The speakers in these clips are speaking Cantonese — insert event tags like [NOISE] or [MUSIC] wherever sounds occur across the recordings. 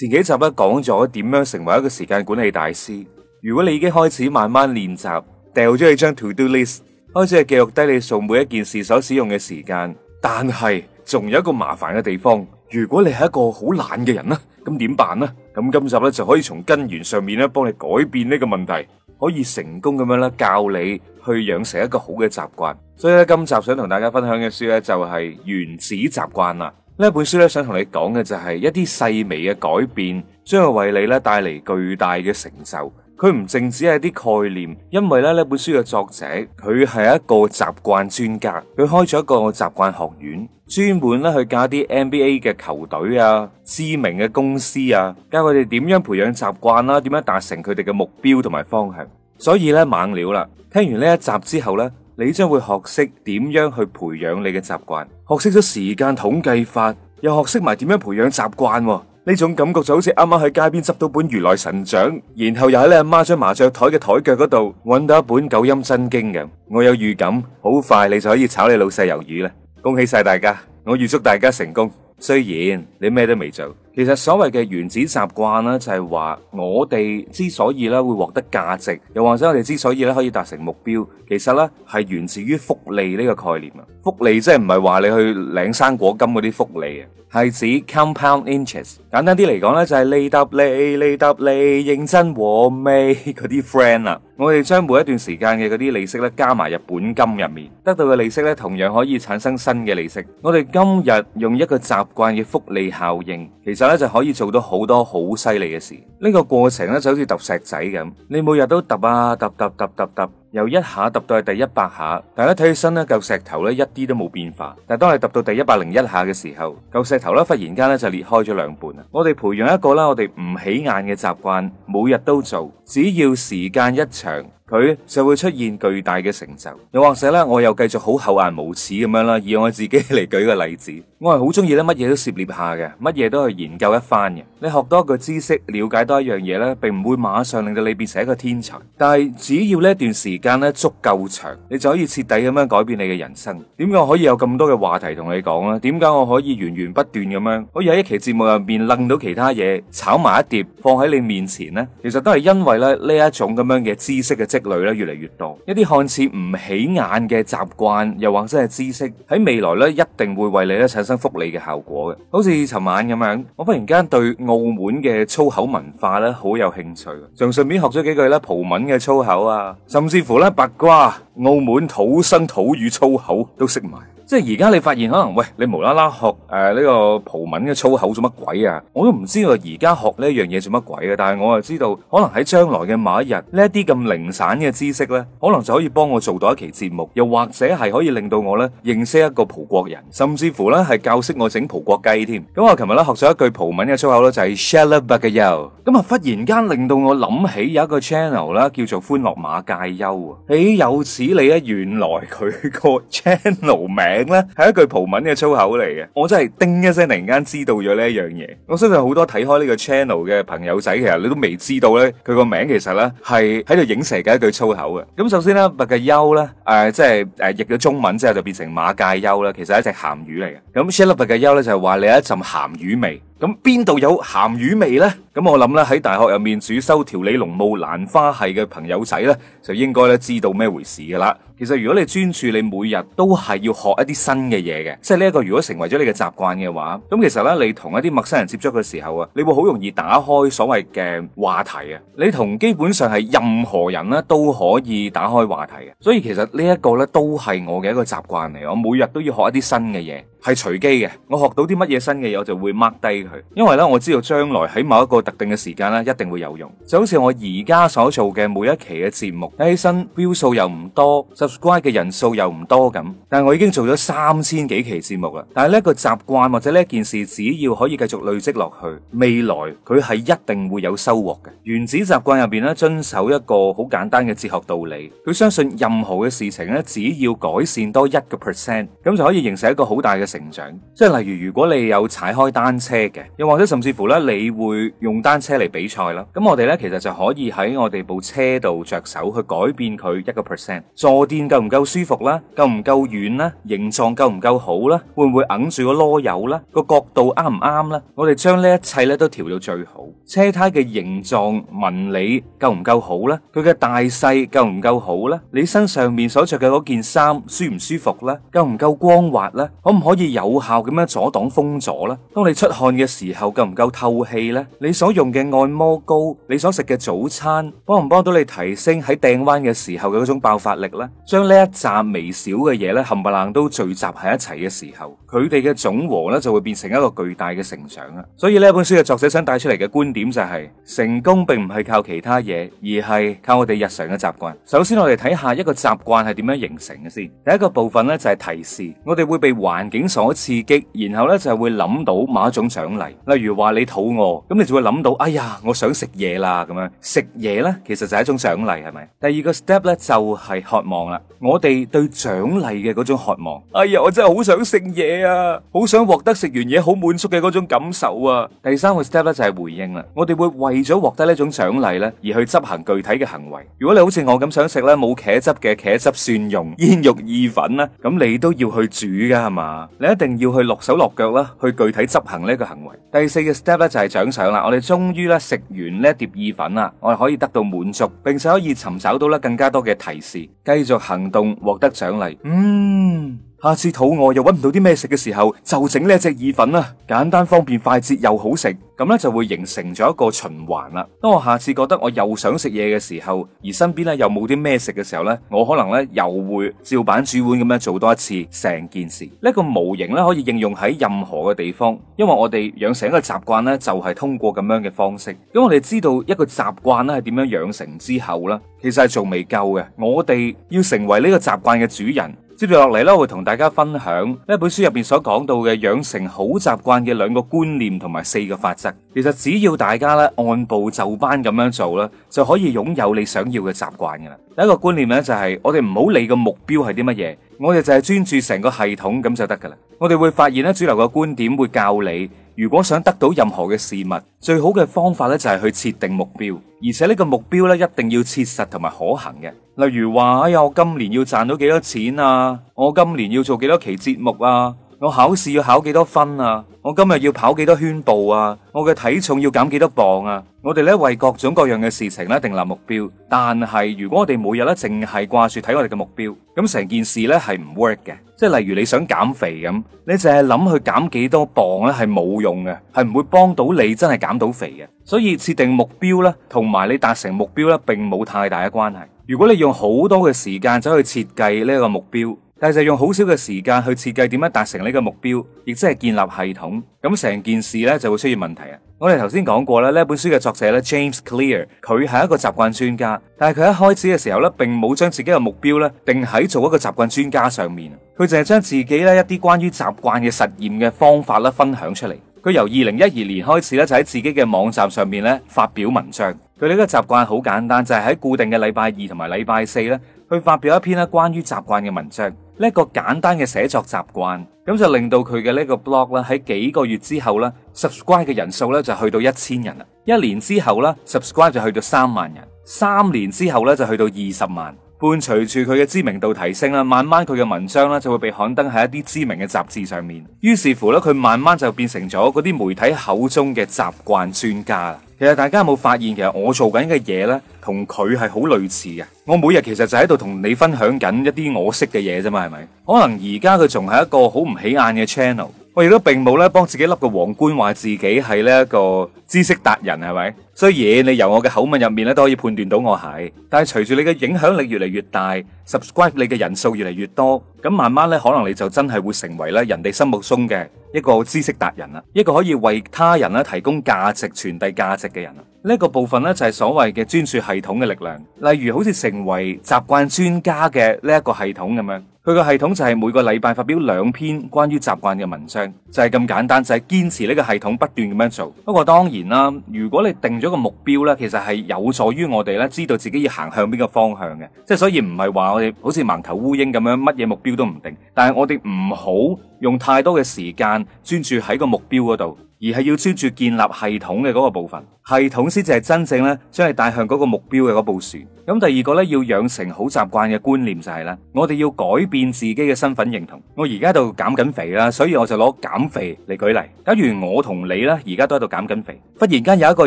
前幾集咧講咗點樣成為一個時間管理大師。如果你已經開始慢慢練習，掉咗你張 to do list，開始係記錄低你做每一件事所使用嘅時間。但係仲有一個麻煩嘅地方，如果你係一個好懶嘅人咧，咁點辦呢？咁今集咧就可以從根源上面咧幫你改變呢個問題，可以成功咁樣咧教你去養成一個好嘅習慣。所以咧今集想同大家分享嘅書咧就係《原子習慣》啦。呢本書咧，想同你講嘅就係一啲細微嘅改變，將會為你咧帶嚟巨大嘅成就。佢唔淨止係啲概念，因為咧呢本書嘅作者佢係一個習慣專家，佢開咗一個習慣學院，專門咧去教啲 NBA 嘅球隊啊、知名嘅公司啊，教佢哋點樣培養習慣啦，點樣達成佢哋嘅目標同埋方向。所以咧猛料啦，聽完呢一集之後呢。你將會學識點樣去培養你嘅習慣，學識咗時間統計法，又學識埋點樣培養習慣，呢種感覺就好似啱啱喺街邊執到本如來神掌，然後又喺你阿媽張麻雀台嘅台腳嗰度揾到一本九陰真經嘅。我有預感，好快你就可以炒你老細魷魚啦！恭喜晒大家，我預祝大家成功。雖然你咩都未做。其實所謂嘅原子習慣呢，就係話我哋之所以咧會獲得價值，又或者我哋之所以咧可以達成目標，其實咧係源自於複利呢個概念啊！複利即係唔係話你去領生果金嗰啲福利啊。係指 compound interest，簡單啲嚟講呢就係利搭利，利搭利，認真和味嗰啲 friend 啊！我哋將每一段時間嘅嗰啲利息呢加埋入本金入面，得到嘅利息呢同樣可以產生新嘅利息。我哋今日用一個習慣嘅複利效應，其實呢就可以做到好多好犀利嘅事。呢個過程呢就好似揼石仔咁，你每日都揼啊，揼揼揼揼揼。由一下揼到去第一百下，大家睇起身咧，舊石頭咧一啲都冇變化。但係當你揼到第一百零一下嘅時候，舊石頭咧忽然間咧就裂開咗兩半啊！我哋培養一個啦，我哋唔起眼嘅習慣，每日都做，只要時間一長。佢就會出現巨大嘅成就，又或者咧，我又繼續好厚顏無恥咁樣啦，以我自己嚟舉個例子，我係好中意咧，乜嘢都涉獵下嘅，乜嘢都去研究一番嘅。你學多一個知識，了解多一樣嘢咧，並唔會馬上令到你變成一個天才，但係只要呢一段時間咧足夠長，你就可以徹底咁樣改變你嘅人生。點解可以有咁多嘅話題同你講咧？點解我可以源源不斷咁樣可以喺一期節目入面掄到其他嘢炒埋一碟放喺你面前呢？其實都係因為咧呢一種咁樣嘅知識嘅積積累咧越嚟越多，一啲看似唔起眼嘅習慣，又或者係知識喺未來咧，一定會為你咧產生福利嘅效果嘅。好似尋晚咁樣，我忽然間對澳門嘅粗口文化咧好有興趣，仲順便學咗幾句咧葡文嘅粗口啊，甚至乎咧白瓜澳門土生土語粗口都識埋。即係而家你發現可能喂你無啦啦學誒呢個葡文嘅粗口做乜鬼啊？我都唔知道而家學呢樣嘢做乜鬼嘅，但係我就知道可能喺將來嘅某一日，呢一啲咁零散嘅知識咧，可能就可以幫我做到一期節目，又或者係可以令到我咧認識一個葡國人，甚至乎咧係教識我整葡國雞添。咁我琴日咧學咗一句葡文嘅粗口咧，就係 shallabagayo。咁啊，忽然間令到我諗起有一個 channel 啦，叫做歡樂馬介休啊。誒，有此理啊，原來佢個 channel 名，咧係一句葡文嘅粗口嚟嘅，我真係叮一聲，突然間知道咗呢一樣嘢。我相信好多睇開呢個 channel 嘅朋友仔，其實你都未知道咧，佢個名其實咧係喺度影射嘅一句粗口嘅。咁首先咧，白芥優咧，誒，即係誒，譯咗中文之後就變成馬介休啦。其實係一隻鹹魚嚟嘅。咁寫粒白芥優咧，就係話你有一陣鹹魚味。咁邊度有鹹魚味呢？咁我諗咧喺大學入面主修調理農務蘭花系嘅朋友仔呢，就應該咧知道咩回事噶啦。其實如果你專注，你每日都係要學一啲新嘅嘢嘅，即係呢一個如果成為咗你嘅習慣嘅話，咁其實呢，你同一啲陌生人接觸嘅時候啊，你會好容易打開所謂嘅話題啊。你同基本上係任何人呢都可以打開話題嘅，所以其實呢一個呢，都係我嘅一個習慣嚟。我每日都要學一啲新嘅嘢。係隨機嘅，我學到啲乜嘢新嘅嘢，我就會 mark 低佢。因為呢，我知道將來喺某一個特定嘅時間咧，一定會有用。就好似我而家所做嘅每一期嘅節目，睇起身 view 數又唔多，subscribe 嘅人數又唔多咁，但係我已經做咗三千幾期節目啦。但係呢一個習慣或者呢件事，只要可以繼續累積落去，未來佢係一定會有收穫嘅。原子習慣入邊呢，遵守一個好簡單嘅哲學道理，佢相信任何嘅事情呢，只要改善多一個 percent，咁就可以形成一個好大嘅成長，即係例如，如果你有踩開單車嘅，又或者甚至乎咧，你會用單車嚟比賽啦。咁我哋咧，其實就可以喺我哋部車度着手去改變佢一個 percent。坐墊夠唔夠舒服啦？夠唔夠軟啦？形狀夠唔夠好啦？會唔會硬住個囉柚啦？個角度啱唔啱啦？我哋將呢一切咧都調到最好。車胎嘅形狀紋理夠唔夠好咧？佢嘅大細夠唔夠好咧？你身上面所着嘅嗰件衫舒唔舒服咧？夠唔夠光滑咧？可唔可以？可以有效咁樣阻擋風阻啦。當你出汗嘅時候夠唔夠透氣呢？你所用嘅按摩膏，你所食嘅早餐，幫唔幫到你提升喺掟彎嘅時候嘅嗰種爆發力呢？將呢一紮微小嘅嘢咧，冚唪唥都聚集喺一齊嘅時候，佢哋嘅總和咧就會變成一個巨大嘅成長啦！所以呢本書嘅作者想帶出嚟嘅觀點就係，成功並唔係靠其他嘢，而係靠我哋日常嘅習慣。首先我哋睇下一個習慣係點樣形成嘅先。第一個部分呢，就係提示，我哋會被環境。所刺激，然後咧就係會諗到某一種獎勵，例如話你肚餓，咁你就會諗到，哎呀，我想食嘢啦，咁樣食嘢咧，其實就係一種獎勵，係咪？第二個 step 咧就係渴望啦，我哋對獎勵嘅嗰種渴望，哎呀，我真係好想食嘢啊，好想獲得食完嘢好滿足嘅嗰種感受啊！第三個 step 咧就係回應啦，我哋會為咗獲得呢種獎勵咧而去執行具體嘅行為。如果你好似我咁想食咧冇茄汁嘅茄汁蒜蓉煙肉意粉啦，咁你都要去煮噶係嘛？你一定要去落手落腳啦，去具體執行呢一個行為。第四個 step 咧就係獎賞啦。我哋終於咧食完呢一碟意粉啦，我哋可以得到滿足，並且可以尋找到咧更加多嘅提示，繼續行動，獲得獎勵。嗯。下次肚餓又揾唔到啲咩食嘅時候，就整呢一隻意粉啦，簡單方便快捷又好食，咁呢就會形成咗一個循環啦。當我下次覺得我又想食嘢嘅時候，而身邊呢又冇啲咩食嘅時候呢，我可能呢又會照板煮碗咁樣做多一次成件事。呢個模型呢可以應用喺任何嘅地方，因為我哋養成一個習慣呢，就係通過咁樣嘅方式。咁我哋知道一個習慣呢係點樣養成之後呢，其實係仲未夠嘅，我哋要成為呢個習慣嘅主人。接住落嚟咧，我會同大家分享呢本書入邊所講到嘅養成好習慣嘅兩個觀念同埋四個法則。其實只要大家咧按部就班咁樣做咧，就可以擁有你想要嘅習慣噶啦。第一個觀念咧就係我哋唔好理個目標係啲乜嘢，我哋就係專注成個系統咁就得噶啦。我哋會發現咧，主流嘅觀點會教你。如果想得到任何嘅事物，最好嘅方法呢就係去設定目標，而且呢個目標呢一定要切實同埋可行嘅。例如話，哎呀，我今年要賺到幾多錢啊？我今年要做幾多期節目啊？我考試要考幾多分啊？我今日要跑幾多圈步啊！我嘅體重要減幾多磅啊！我哋呢為各種各樣嘅事情呢訂立目標，但係如果我哋每日呢淨係掛住睇我哋嘅目標，咁成件事呢係唔 work 嘅。即係例如你想減肥咁，你淨係諗去減幾多磅呢係冇用嘅，係唔會幫到你真係減到肥嘅。所以設定目標呢，同埋你達成目標呢，並冇太大嘅關係。如果你用好多嘅時間走去設計呢個目標。但係就用好少嘅時間去設計點樣達成呢個目標，亦即係建立系統。咁成件事咧就會出現問題啊！我哋頭先講過啦，呢本書嘅作者咧 James Clear，佢係一個習慣專家。但係佢一開始嘅時候咧，並冇將自己嘅目標咧定喺做一個習慣專家上面。佢淨係將自己咧一啲關於習慣嘅實驗嘅方法咧分享出嚟。佢由二零一二年開始咧就喺自己嘅網站上面咧發表文章。佢呢個習慣好簡單，就係喺固定嘅禮拜二同埋禮拜四咧去發表一篇咧關於習慣嘅文章，呢一個簡單嘅寫作習慣，咁就令到佢嘅呢個 blog 咧喺幾個月之後呢 subscribe 嘅人數呢就去到一千人啦。一年之後呢 subscribe 就去到三萬人，三年之後呢，就去到二十萬。伴隨住佢嘅知名度提升啦，慢慢佢嘅文章呢就會被刊登喺一啲知名嘅雜誌上面。於是乎呢，佢慢慢就變成咗嗰啲媒體口中嘅習慣專家。其實大家有冇發現，其實我做緊嘅嘢呢，同佢係好類似嘅。我每日其實就喺度同你分享緊一啲我識嘅嘢啫嘛，係咪？可能而家佢仲係一個好唔起眼嘅 channel，我亦都並冇呢幫自己笠個皇冠，話自己係呢一個知識達人，係咪？雖然你由我嘅口吻入面咧都可以判斷到我係，但係隨住你嘅影響力越嚟越大，subscribe 你嘅人數越嚟越多，咁慢慢咧可能你就真係會成為咧人哋心目中嘅一個知識達人啊，一個可以為他人咧提供價值、傳遞價值嘅人。呢一個部分咧就係所謂嘅專注系統嘅力量，例如好似成為習慣專家嘅呢一個系統咁樣，佢個系統就係每個禮拜發表兩篇關於習慣嘅文章，就係咁簡單，就係堅持呢個系統不斷咁樣做。不過當然啦，如果你定咗個目標咧，其實係有助於我哋咧知道自己要行向邊個方向嘅，即係所以唔係話我哋好似盲頭烏蠅咁樣乜嘢目標都唔定，但係我哋唔好用太多嘅時間專注喺個目標嗰度，而係要專注建立系統嘅嗰個部分。系統先至係真正咧，將你帶向嗰個目標嘅嗰部船。咁第二個咧，要養成好習慣嘅觀念就係咧，我哋要改變自己嘅身份認同。我而家喺度減緊肥啦，所以我就攞減肥嚟舉例。假如我同你啦，而家都喺度減緊肥，忽然間有一個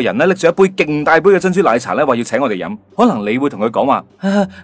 人咧，拎住一杯勁大杯嘅珍珠奶茶咧，話要請我哋飲，可能你會同佢講話，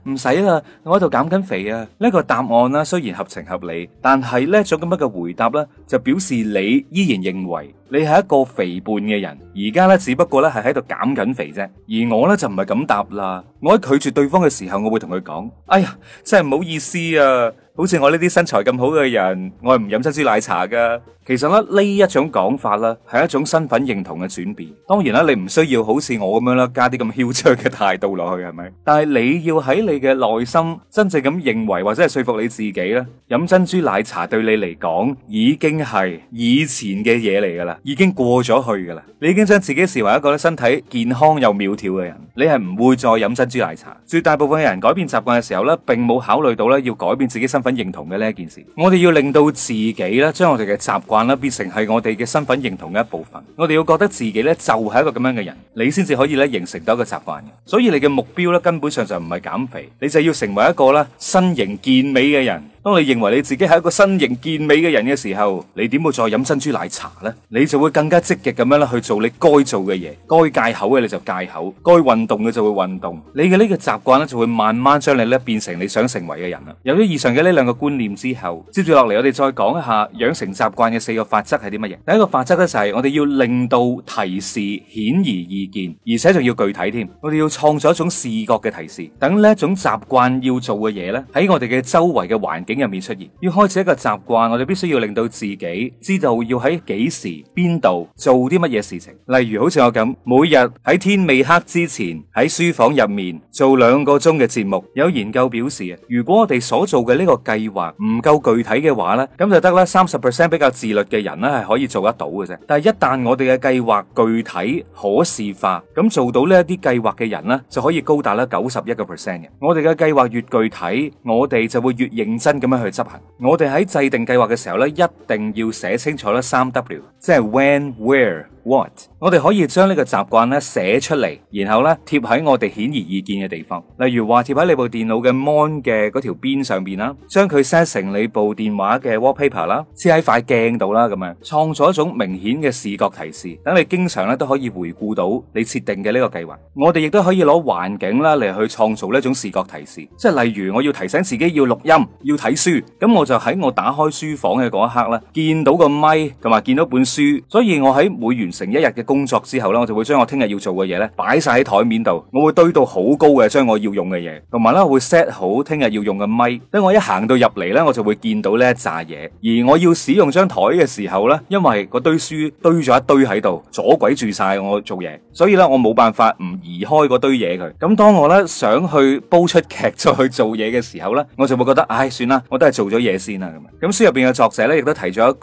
唔使啦，我喺度減緊肥啊。呢個答案啦，雖然合情合理，但係咧，咁樣嘅回答咧，就表示你依然認為你係一個肥胖嘅人，而家咧，只不過咧。係喺度減緊肥啫，而我咧就唔係咁答啦。我喺拒絕對方嘅時候，我會同佢講，哎呀，真係唔好意思啊！好似我呢啲身材咁好嘅人，我係唔飲珍珠奶茶噶。其實咧呢一種講法啦，係一種身份認同嘅轉變。當然啦，你唔需要好似我咁樣啦，加啲咁囂張嘅態度落去，係咪？但係你要喺你嘅內心真正咁認為，或者係說服你自己咧，飲珍珠奶茶對你嚟講已經係以前嘅嘢嚟噶啦，已經過咗去噶啦。你已經將自己視為一個咧身體健康又苗條嘅人，你係唔會再飲珍珠奶茶。絕大部分嘅人改變習慣嘅時候咧，並冇考慮到咧要改變自己身份。認同嘅呢一件事，我哋要令到自己咧，將我哋嘅習慣咧，變成係我哋嘅身份認同嘅一部分。我哋要覺得自己咧就係一個咁樣嘅人，你先至可以咧形成到一個習慣嘅。所以你嘅目標咧根本上就唔係減肥，你就要成為一個咧身形健美嘅人。當你認為你自己係一個身形健美嘅人嘅時候，你點會再飲珍珠奶茶呢？你就會更加積極咁樣咧去做你該做嘅嘢，該戒口嘅你就戒口，該運動嘅就會運動。你嘅呢個習慣咧就會慢慢將你咧變成你想成為嘅人啦。有咗以上嘅呢兩個觀念之後，接住落嚟我哋再講一下養成習慣嘅四個法則係啲乜嘢。第一個法則咧就係我哋要令到提示顯而易見，而且仲要具體添。我哋要創造一種視覺嘅提示，等呢一種習慣要做嘅嘢咧喺我哋嘅周圍嘅環景入面出現，要開始一個習慣，我哋必須要令到自己知道要喺幾時、邊度做啲乜嘢事情。例如好似我咁，每日喺天未黑之前喺書房入面做兩個鐘嘅節目。有研究表示啊，如果我哋所做嘅呢個計劃唔夠具體嘅話咧，咁就得啦。三十 percent 比較自律嘅人咧係可以做得到嘅啫。但係一旦我哋嘅計劃具體可視化，咁做到呢一啲計劃嘅人咧就可以高達啦九十一個 percent 嘅。我哋嘅計劃越具體，我哋就會越認真。咁樣去執行，我哋喺制定計劃嘅時候咧，一定要寫清楚啦，三 W，即係 When、Where。what 我哋可以將呢個習慣咧寫出嚟，然後咧貼喺我哋顯而易見嘅地方，例如話貼喺你部電腦嘅 mon 嘅嗰條邊上邊啦，將佢 set 成你部電話嘅 wallpaper 啦，黐喺塊鏡度啦，咁樣創造一種明顯嘅視覺提示，等你經常咧都可以回顧到你設定嘅呢個計劃。我哋亦都可以攞環境啦嚟去創造呢種視覺提示，即係例如我要提醒自己要錄音、要睇書，咁我就喺我打開書房嘅嗰一刻啦，見到個咪同埋見到本書，所以我喺每完。成一日嘅工作之後咧，我就會將我聽日要做嘅嘢咧擺曬喺台面度，我會堆到好高嘅，將我要用嘅嘢同埋咧會 set 好聽日要用嘅咪。等我一行到入嚟咧，我就會見到呢一紮嘢。而我要使用張台嘅時候咧，因為嗰堆書堆咗一堆喺度，阻鬼住曬我做嘢，所以咧我冇辦法唔移開嗰堆嘢佢。咁當我咧想去煲出劇再去做嘢嘅時候咧，我就會覺得唉，算啦，我都係做咗嘢先啊咁。咁書入邊嘅作者咧亦都提咗一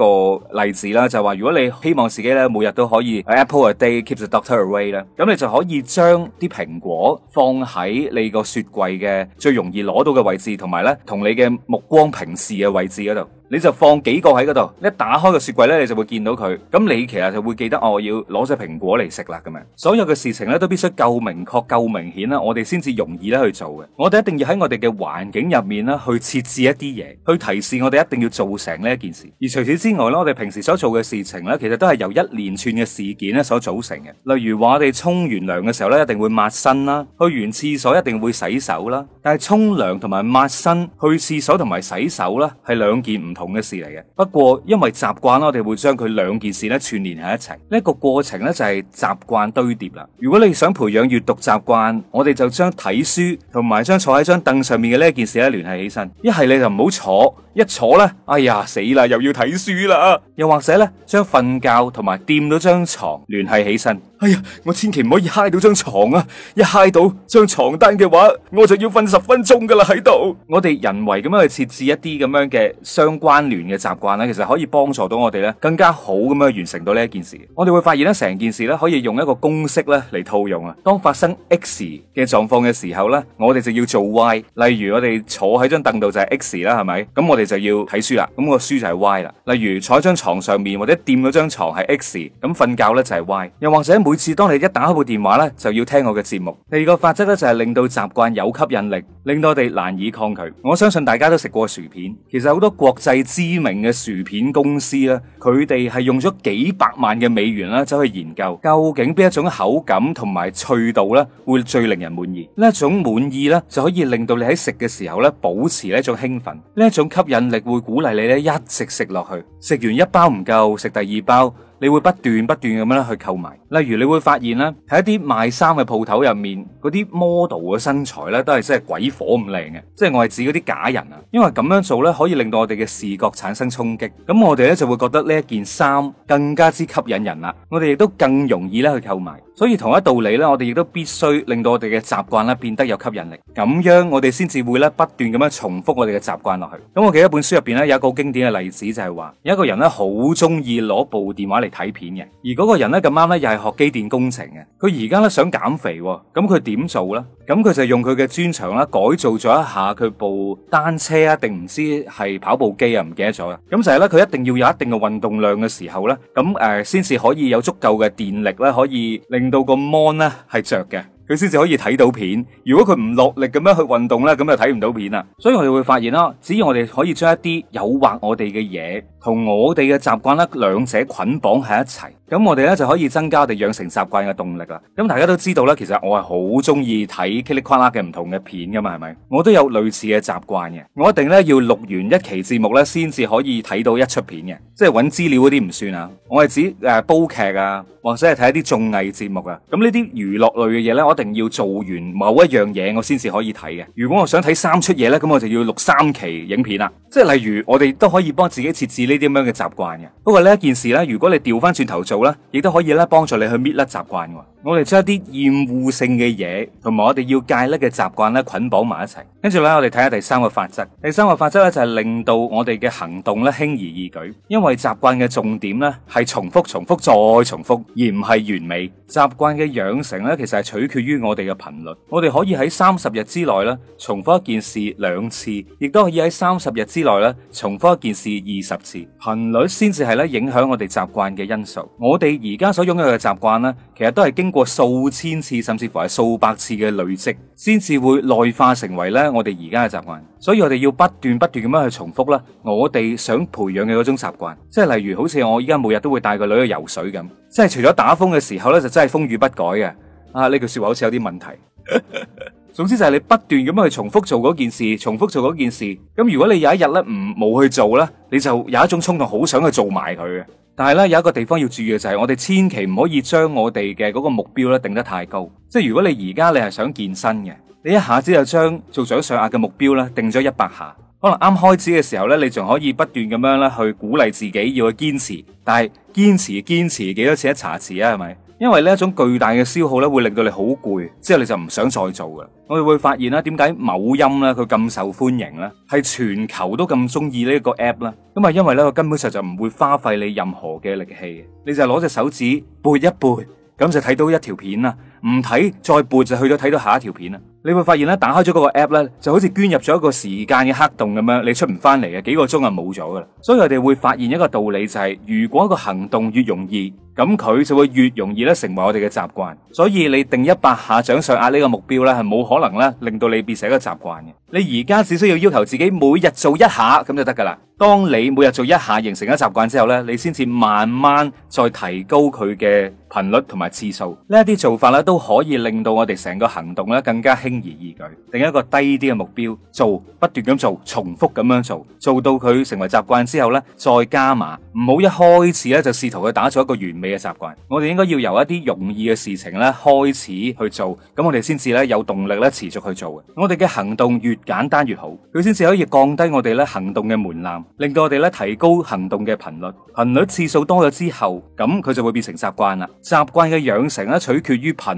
個例子啦，就係話如果你希望自己咧每日都可。可以 Apple a day keeps the doctor away 啦，咁你就可以將啲蘋果放喺你個雪櫃嘅最容易攞到嘅位置，同埋咧同你嘅目光平視嘅位置嗰度。你就放幾個喺嗰度，一打開個雪櫃咧，你就會見到佢。咁你其實就會記得，哦、我要攞隻蘋果嚟食啦咁樣。所有嘅事情咧都必須夠明確、夠明顯啦，我哋先至容易咧去做嘅。我哋一定要喺我哋嘅環境入面咧去設置一啲嘢，去提示我哋一定要做成呢一件事。而除此之外咧，我哋平時所做嘅事情咧，其實都係由一連串嘅事件咧所組成嘅。例如話，我哋沖完涼嘅時候咧，一定會抹身啦；去完廁所一定會洗手啦。但係沖涼同埋抹身、去廁所同埋洗手啦，係兩件唔同嘅事嚟嘅，不過因為習慣，我哋會將佢兩件事咧串聯喺一齊。呢一個過程咧就係習慣堆疊啦。如果你想培養閱讀習慣，我哋就將睇書同埋將坐喺張凳上面嘅呢件事咧聯繫起身。一係你就唔好坐，一坐咧，哎呀死啦，又要睇書啦。又或者咧，將瞓覺同埋掂到張床聯繫起身。哎呀，我千祈唔可以嗨到張床啊！一嗨到張床單嘅話，我就要瞓十分鐘噶啦喺度。我哋人為咁樣去設置一啲咁樣嘅相關。關聯嘅習慣咧，其實可以幫助到我哋咧，更加好咁樣完成到呢一件事。我哋會發現咧，成件事咧可以用一個公式咧嚟套用啊。當發生 X 嘅狀況嘅時候咧，我哋就要做 Y。例如我哋坐喺張凳度就係 X 啦，係咪？咁我哋就要睇書啦。咁個書就係 Y 啦。例如坐喺張床上面或者掂到張床係 X，咁瞓覺咧就係 Y。又或者每次當你一打開部電話咧，就要聽我嘅節目。第二個法則咧就係令到習慣有吸引力，令到我哋難以抗拒。我相信大家都食過薯片，其實好多國際。知名嘅薯片公司啦，佢哋係用咗幾百萬嘅美元啦，走去研究究竟邊一種口感同埋脆度呢會最令人滿意。呢一種滿意呢就可以令到你喺食嘅時候呢保持呢一種興奮，呢一種吸引力會鼓勵你呢一直食落去，食完一包唔夠食第二包。你會不斷不斷咁樣去購買，例如你會發現咧喺一啲賣衫嘅鋪頭入面，嗰啲 model 嘅身材咧都係真係鬼火咁靚嘅，即係我係指嗰啲假人啊，因為咁樣做咧可以令到我哋嘅視覺產生衝擊，咁我哋咧就會覺得呢一件衫更加之吸引人啦，我哋亦都更容易咧去購買，所以同一道理咧，我哋亦都必須令到我哋嘅習慣咧變得有吸引力，咁樣我哋先至會咧不斷咁樣重複我哋嘅習慣落去。咁我記得本書入邊咧有一個好經典嘅例子就係話，有一個人咧好中意攞部電話嚟。睇片嘅，而嗰個人呢，咁啱呢，又係學機電工程嘅，佢而家呢，想減肥喎，咁佢點做呢？咁佢就用佢嘅專長啦，改造咗一下佢部單車啊，定唔知係跑步機啊，唔記得咗啦。咁就係呢，佢一定要有一定嘅運動量嘅時候呢，咁誒，先至可以有足夠嘅電力呢，可以令到個 mon 呢係着嘅，佢先至可以睇到片。如果佢唔落力咁樣去運動呢，咁就睇唔到片啦。所以我哋會發現啦，只要我哋可以將一啲誘惑我哋嘅嘢。同我哋嘅習慣咧，兩者捆綁喺一齊，咁我哋呢，就可以增加我哋養成習慣嘅動力啦。咁大家都知道咧，其實我係好中意睇 bilibili 嘅唔同嘅片噶嘛，係咪？我都有類似嘅習慣嘅，我一定呢，要錄完一期節目呢，先至可以睇到一出片嘅，即係揾資料嗰啲唔算啊。我係指誒、呃、煲劇啊，或者係睇一啲綜藝節目噶。咁呢啲娛樂類嘅嘢呢，我一定要做完某一樣嘢，我先至可以睇嘅。如果我想睇三出嘢呢，咁我就要錄三期影片啦。即係例如我哋都可以幫自己設置呢，啲咁樣嘅習慣嘅。不過呢一件事咧，如果你掉返轉頭做咧，亦都可以咧幫助你去搣甩習慣。我哋將一啲厭惡性嘅嘢，同埋我哋要戒甩嘅習慣咧捆綁埋一齊。跟住咧，我哋睇下第三個法則。第三個法則咧就係令到我哋嘅行動咧輕而易舉，因為習慣嘅重點咧係重複、重複再重複，而唔係完美。習慣嘅養成咧其實係取決於我哋嘅頻率。我哋可以喺三十日之內咧重複一件事兩次，亦都可以喺三十日之內咧重複一件事二十次。頻率先至係咧影響我哋習慣嘅因素。我哋而家所擁有嘅習慣呢，其實都係經過數千次甚至乎係數百次嘅累積，先至會內化成為呢我哋而家嘅習慣。所以我哋要不斷不斷咁樣去重複啦，我哋想培養嘅嗰種習慣，即係例如好似我依家每日都會帶個女去游水咁，即係除咗打風嘅時候呢，就真係風雨不改嘅。啊，呢句說話好似有啲問題。 [LAUGHS] 總之就係你不斷咁樣去重複做嗰件事，重複做嗰件事。咁如果你有一日呢，唔冇去做呢，你就有一種衝動，好想去做埋佢嘅。但係呢，有一個地方要注意嘅就係，我哋千祈唔可以將我哋嘅嗰個目標呢定得太高。即係如果你而家你係想健身嘅，你一下子就將做掌上壓嘅目標呢定咗一百下。可能啱開始嘅時候呢，你仲可以不斷咁樣呢去鼓勵自己要去堅持，但係堅持堅持幾多次一茶匙啊？係咪？因為呢一種巨大嘅消耗咧，會令到你好攰，之後你就唔想再做噶啦。我哋會發現啦，點解某音咧佢咁受歡迎咧，係全球都咁中意呢一個 app 啦，咁係因為咧，佢根本上就唔會花費你任何嘅力氣，你就攞隻手指撥一撥，咁就睇到一條片啦。唔睇再背就去到睇到下一條片啦。你會發現咧，打開咗嗰個 app 咧，就好似捐入咗一個時間嘅黑洞咁樣，你出唔翻嚟嘅，幾個鐘啊冇咗噶啦。所以我哋會發現一個道理就係、是，如果一個行動越容易，咁佢就會越容易咧成為我哋嘅習慣。所以你定一百下掌上壓呢個目標咧，係冇可能咧令到你變成一個習慣嘅。你而家只需要要求自己每日做一下咁就得噶啦。當你每日做一下形成咗習慣之後咧，你先至慢慢再提高佢嘅頻率同埋次數呢一啲做法咧，都可以令到我哋成個行動咧更加輕而易舉。定一個低啲嘅目標做，不斷咁做，重複咁樣做，做到佢成為習慣之後咧，再加碼。唔好一開始咧就試圖去打造一個完美嘅習慣。我哋應該要由一啲容易嘅事情咧開始去做，咁我哋先至咧有動力咧持續去做嘅。我哋嘅行動越簡單越好，佢先至可以降低我哋咧行動嘅門檻，令到我哋咧提高行動嘅頻率。頻率次數多咗之後，咁佢就會變成習慣啦。習慣嘅養成咧取決於頻。頻率而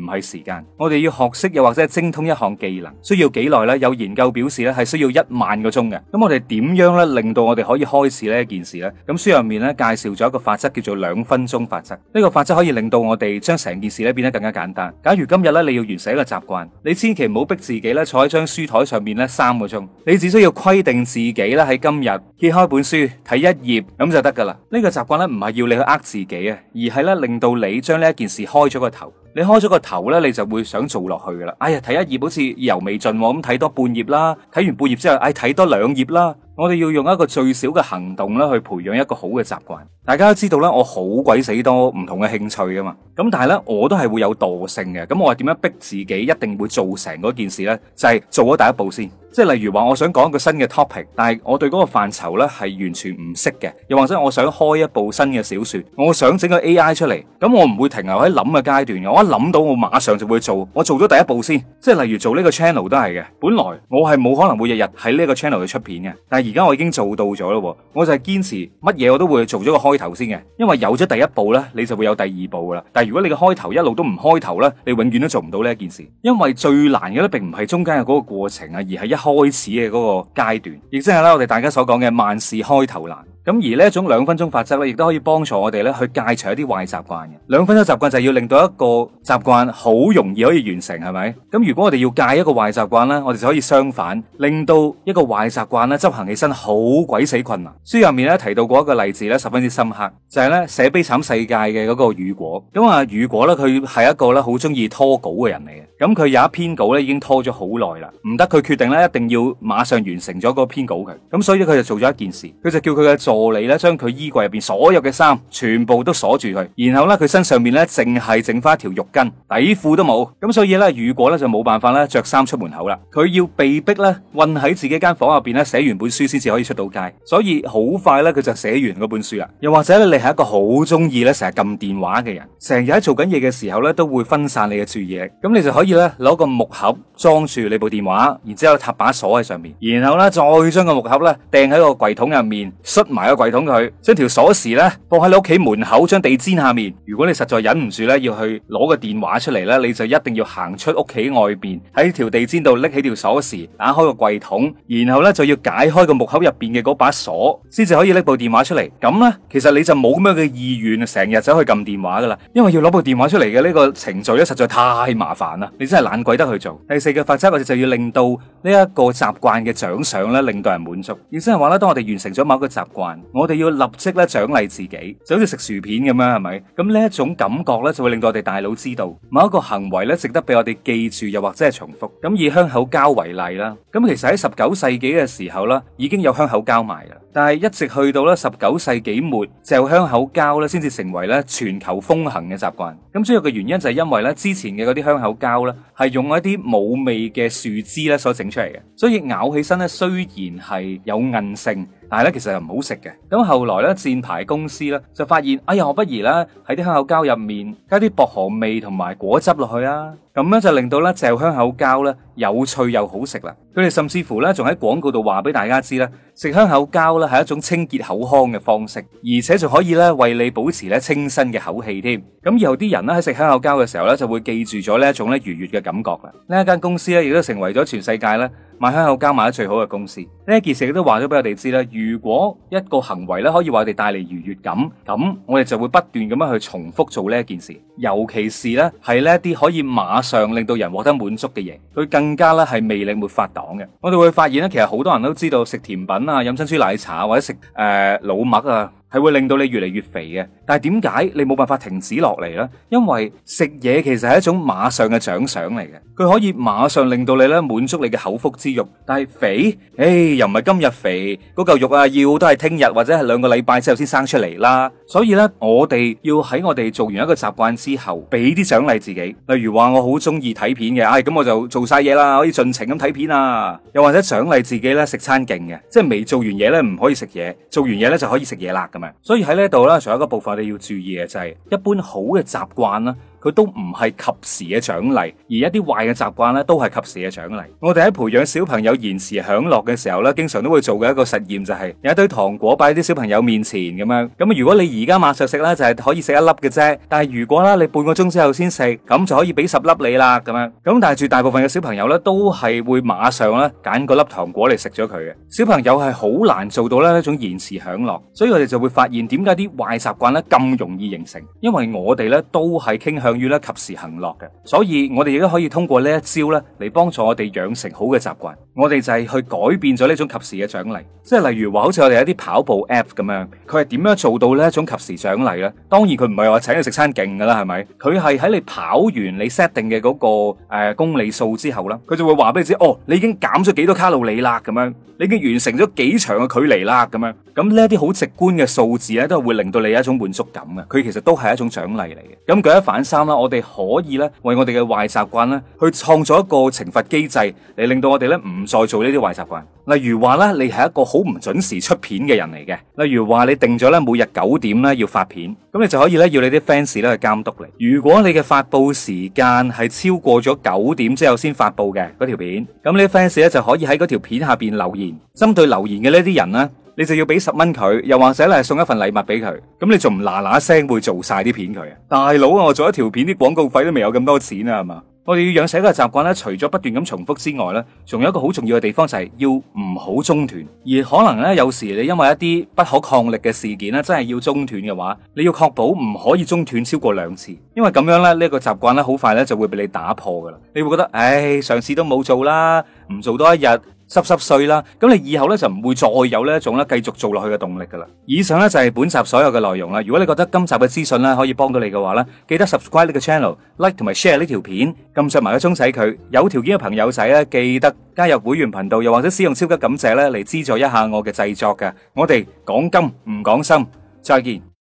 唔係時間，我哋要學識又或者精通一項技能，需要幾耐呢？有研究表示咧，係需要一萬個鐘嘅。咁我哋點樣咧，令到我哋可以開始呢一件事呢？咁書入面咧介紹咗一個法則，叫做兩分鐘法則。呢個法則可以令到我哋將成件事咧變得更加簡單。假如今日咧你要完成一個習慣，你千祈唔好逼自己咧坐喺張書台上面咧三個鐘，你只需要規定自己咧喺今日揭開本書睇一頁咁就得噶啦。呢個習慣咧唔係要你去呃自己啊，而係咧令到你將呢一件事開咗個頭。你開咗個頭咧，你就會想做落去噶啦。哎呀，睇一頁好似意猶未盡咁，睇、嗯、多半頁啦。睇完半頁之後，哎，睇多兩頁啦。我哋要用一個最少嘅行動咧，去培養一個好嘅習慣。大家都知道咧，我好鬼死多唔同嘅興趣噶嘛。咁但係咧，我都係會有惰性嘅。咁我係點樣逼自己一定會做成嗰件事咧？就係、是、做咗第一步先。即係例如話，我想講一個新嘅 topic，但係我對嗰個範疇咧係完全唔識嘅。又或者我想開一部新嘅小説，我想整個 AI 出嚟，咁我唔會停留喺諗嘅階段，我一諗到我馬上就會做，我做咗第一步先。即係例如做呢個 channel 都係嘅。本來我係冇可能會日日喺呢個 channel 去出片嘅，但係而家我已經做到咗咯喎。我就係堅持乜嘢我都會做咗個開頭先嘅，因為有咗第一步呢，你就會有第二步噶啦。但係如果你嘅開頭一路都唔開頭呢，你永遠都做唔到呢一件事。因為最難嘅咧並唔係中間嘅嗰個過程啊，而係一開始嘅嗰個階段，亦即係咧，我哋大家所講嘅萬事開頭難。咁而呢一種兩分鐘法則咧，亦都可以幫助我哋咧去戒除一啲壞習慣嘅。兩分鐘習慣就係要令到一個習慣好容易可以完成，係咪？咁如果我哋要戒一個壞習慣咧，我哋就可以相反，令到一個壞習慣咧執行起身好鬼死困難。書入面咧提到過一個例子咧，十分之深刻，就係咧寫悲慘世界嘅嗰個雨果。咁啊，雨果咧佢係一個咧好中意拖稿嘅人嚟嘅。咁佢有一篇稿咧已經拖咗好耐啦，唔得，佢決定咧一定要馬上完成咗嗰篇稿佢。咁所以佢就做咗一件事，佢就叫佢嘅過嚟咧，將佢衣櫃入邊所有嘅衫全部都鎖住佢，然後咧佢身上面咧淨係剩翻一條浴巾，底褲都冇，咁所以咧如果咧就冇辦法咧着衫出門口啦，佢要被逼咧困喺自己間房入邊咧寫完本書先至可以出到街，所以好快咧佢就寫完嗰本書啦。又或者咧你係一個好中意咧成日撳電話嘅人，成日喺做緊嘢嘅時候咧都會分散你嘅注意力，咁你就可以咧攞個木盒裝住你部電話，然之後插把鎖喺上面，然後咧再將個木盒咧掟喺個櫃桶入面，塞埋。有櫃桶佢將條鎖匙呢放喺你屋企門口張地氈下面。如果你實在忍唔住呢，要去攞個電話出嚟呢，你就一定要行出屋企外邊，喺條地氈度拎起條鎖匙，打開個櫃桶，然後呢，就要解開個木口入邊嘅嗰把鎖，先至可以拎部電話出嚟。咁呢，其實你就冇咁樣嘅意願，成日走去撳電話噶啦。因為要攞部電話出嚟嘅呢個程序咧，實在太麻煩啦，你真係懶鬼得去做。第四個法則，我哋就要令到呢一個習慣嘅獎賞呢，令到人滿足。亦即係話咧，當我哋完成咗某一個習慣。我哋要立即咧獎勵自己，就好似食薯片咁樣，係咪？咁呢一種感覺咧，就會令到我哋大腦知道某一個行為咧值得俾我哋記住，又或者係重複。咁以香口膠為例啦，咁其實喺十九世紀嘅時候啦，已經有香口膠賣嘅，但係一直去到咧十九世紀末，就香口膠咧先至成為咧全球風行嘅習慣。咁主要嘅原因就係因為咧之前嘅嗰啲香口膠咧係用一啲冇味嘅樹枝咧所整出嚟嘅，所以咬起身咧雖然係有韌性。但係咧，其實又唔好食嘅。咁後來咧，箭牌公司咧就發現，哎呀，我不如啦，喺啲香口膠入面加啲薄荷味同埋果汁落去啦，咁樣就令到咧嚼香口膠咧有趣又好食啦。佢哋甚至乎咧仲喺廣告度話俾大家知啦，食香口膠咧係一種清潔口腔嘅方式，而且仲可以咧為你保持咧清新嘅口氣添。咁以後啲人咧喺食香口膠嘅時候咧就會記住咗呢一種咧愉悅嘅感覺啦。呢一間公司咧亦都成為咗全世界咧。買香口膠買得最好嘅公司，呢一件事亦都話咗俾我哋知啦。如果一個行為咧可以為我哋帶嚟愉悅感，咁我哋就會不斷咁樣去重複做呢一件事。尤其是咧係呢一啲可以馬上令到人獲得滿足嘅嘢，佢更加咧係魅力沒法擋嘅。我哋會發現咧，其實好多人都知道食甜品啊、飲珍珠奶茶或者食誒、呃、老麥啊。係會令到你越嚟越肥嘅，但係點解你冇辦法停止落嚟呢？因為食嘢其實係一種馬上嘅獎賞嚟嘅，佢可以馬上令到你咧滿足你嘅口腹之欲。但係肥，誒、哎、又唔係今日肥，嗰嚿肉啊要都係聽日或者係兩個禮拜之後先生出嚟啦。所以咧，我哋要喺我哋做完一個習慣之後，俾啲獎勵自己。例如話我好中意睇片嘅，唉、哎，咁我就做晒嘢啦，可以盡情咁睇片啦。又或者獎勵自己咧，食餐勁嘅，即係未做完嘢咧唔可以食嘢，做完嘢咧就可以食嘢啦咁啊。所以喺呢度咧，仲有一個部分你要注意嘅就係、是、一般好嘅習慣啦。佢都唔係及時嘅獎勵，而一啲壞嘅習慣咧都係及時嘅獎勵。我哋喺培養小朋友延遲享樂嘅時候咧，經常都會做嘅一個實驗，就係有一堆糖果擺喺啲小朋友面前咁樣，咁如果你而家馬上食咧，就係可以食一粒嘅啫。但係如果啦，你半個鐘之後先食，咁就可以俾十粒你啦。咁樣，咁，但係絕大部分嘅小朋友咧都係會馬上咧揀嗰粒糖果嚟食咗佢嘅。小朋友係好難做到咧一種延遲享樂，所以我哋就會發現點解啲壞習慣咧咁容易形成，因為我哋咧都係傾向上咧，及時行樂嘅，所以我哋亦都可以通過呢一招咧嚟幫助我哋養成好嘅習慣。我哋就係去改變咗呢種及時嘅獎勵，即係例如話，好似我哋一啲跑步 app 咁樣，佢係點樣做到呢一種及時獎勵咧？當然佢唔係話請你食餐勁噶啦，係咪？佢係喺你跑完你 set 定嘅嗰個、呃、公里數之後啦，佢就會話俾你知，哦，你已經減咗幾多卡路里啦，咁樣，你已經完成咗幾長嘅距離啦，咁樣。咁呢啲好直觀嘅數字咧，都係會令到你有一種滿足感嘅。佢其實都係一種獎勵嚟嘅。咁舉一反三。啱啦，我哋可以咧為我哋嘅壞習慣咧去創造一個懲罰機制，嚟令到我哋咧唔再做呢啲壞習慣。例如話咧，你係一個好唔準時出片嘅人嚟嘅。例如話你定咗咧每日九點咧要發片，咁你就可以咧要你啲 fans 咧去監督你。如果你嘅發佈時間係超過咗九點之後先發佈嘅嗰條片，咁你啲 fans 咧就可以喺嗰條片下邊留言，針對留言嘅呢啲人咧。你就要俾十蚊佢，又或者你送一份禮物俾佢，咁你仲唔嗱嗱聲會做晒啲片佢啊？大佬啊，我做一條片啲廣告費都未有咁多錢啊，係嘛？我哋要養成一個習慣咧，除咗不斷咁重複之外咧，仲有一個好重要嘅地方就係要唔好中斷。而可能咧，有時你因為一啲不可抗力嘅事件咧，真係要中斷嘅話，你要確保唔可以中斷超過兩次，因為咁樣咧，呢個習慣咧好快咧就會俾你打破噶啦。你會覺得，唉，上次都冇做啦，唔做多一日。濕濕碎啦，咁你以後呢，就唔會再有呢一種咧繼續做落去嘅動力噶啦。以上呢，就係本集所有嘅內容啦。如果你覺得今集嘅資訊咧可以幫到你嘅話呢，記得 subscribe 呢個 channel，like 同埋 share 呢條片，撳上埋個鐘仔佢。有條件嘅朋友仔呢，記得加入會員頻道，又或者使用超級感謝呢嚟資助一下我嘅製作嘅。我哋講金唔講心，再見。